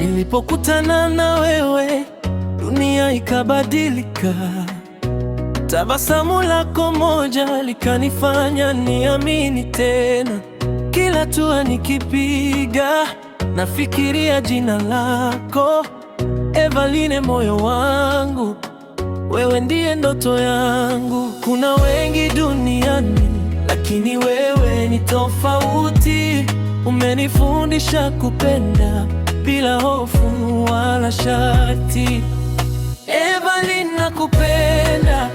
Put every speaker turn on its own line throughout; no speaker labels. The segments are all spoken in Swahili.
Nilipokutana na wewe dunia ikabadilika, tabasamu lako moja likanifanya niamini tena. Kila tua nikipiga nafikiria jina lako Evaline, moyo wangu wewe ndiye ndoto yangu. Kuna wengi duniani, lakini wewe ni tofauti. Umenifundisha kupenda bila hofu wala shati. Evelyn, kupenda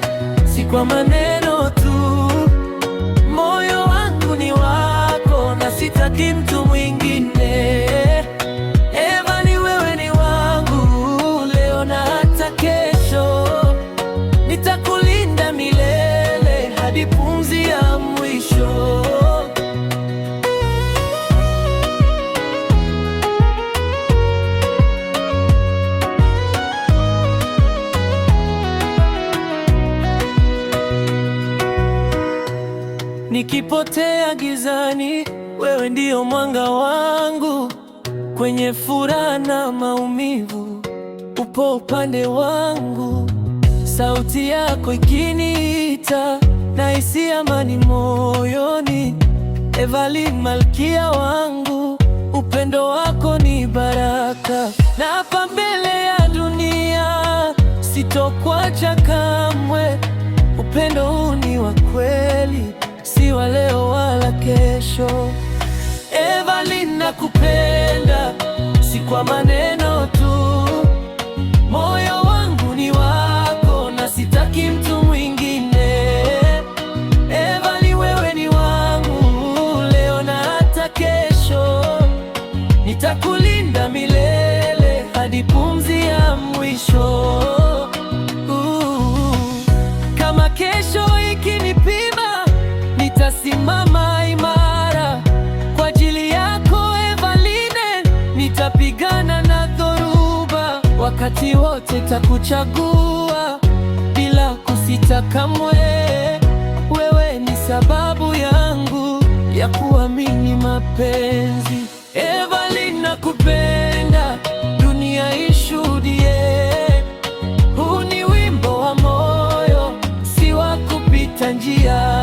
si kwa maneno tu, moyo wangu ni wako na sitaki mtu nikipotea gizani, wewe ndiyo mwanga wangu, kwenye furaha na maumivu, upo upande wangu. Sauti yako ikiniita, nahisi amani moyoni. evali malkia wangu, upendo wako ni baraka, na hapa mbele ya dunia sitokwacha kamwe, upendo huu ni wa kweli. nakupenda, si kwa maneno tu. Moyo wangu ni wako na sitaki mtu mwingine. Evali, wewe ni wangu leo na hata kesho. Nitakulinda milele hadi pumzi ya mwisho. Nitapigana na dhoruba, wakati wote takuchagua bila kusita kamwe. Wewe ni sababu yangu ya kuamini mapenzi. Evelyn, nakupenda, dunia ishuhudie. Huu ni wimbo wa moyo, si wa kupita njia.